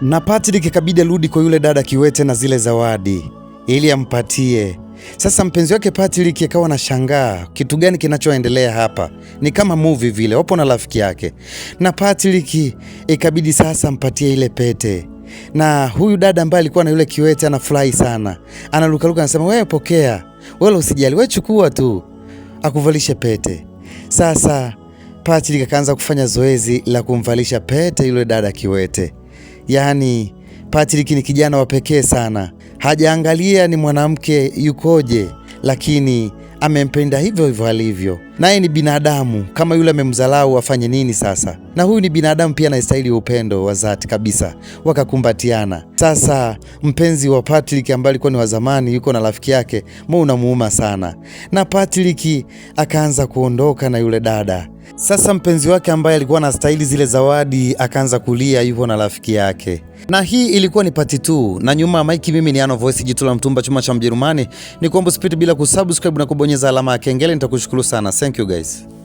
na Patrick ikabidi arudi kwa yule dada Kiwete na zile zawadi ili ampatie. Sasa mpenzi wake Patrick akawa na shangaa kitu gani kinachoendelea hapa, ni kama movie vile, wapo na rafiki yake, na Patrick ikabidi sasa ampatie ile pete na huyu dada ambaye alikuwa na yule Kiwete anafurahi sana, analukaluka, anasema wewe pokea, wala usijali, wewe chukua tu, akuvalishe pete. Sasa Patrick akaanza kufanya zoezi la kumvalisha pete yule dada Kiwete, Yaani Patrick ni kijana wa pekee sana, hajaangalia ni mwanamke yukoje, lakini amempenda hivyo hivyo alivyo. Naye ni binadamu kama yule amemdharau, afanye nini sasa? Na huyu ni binadamu pia, anastahili upendo wa dhati kabisa, wakakumbatiana. Sasa mpenzi wa Patrick ambaye alikuwa ni wa zamani, yuko na rafiki yake, mo unamuuma sana, na Patrick akaanza kuondoka na yule dada sasa mpenzi wake ambaye alikuwa anastahili zile zawadi akaanza kulia, yupo na rafiki yake, na hii ilikuwa ni pati tu. Na nyuma ya maiki, mimi ni Ano Voice, jitu la mtumba, chuma cha Mjerumani. Ni kuomba usipite bila kusubscribe na kubonyeza alama ya kengele. Nitakushukuru sana, thank you guys.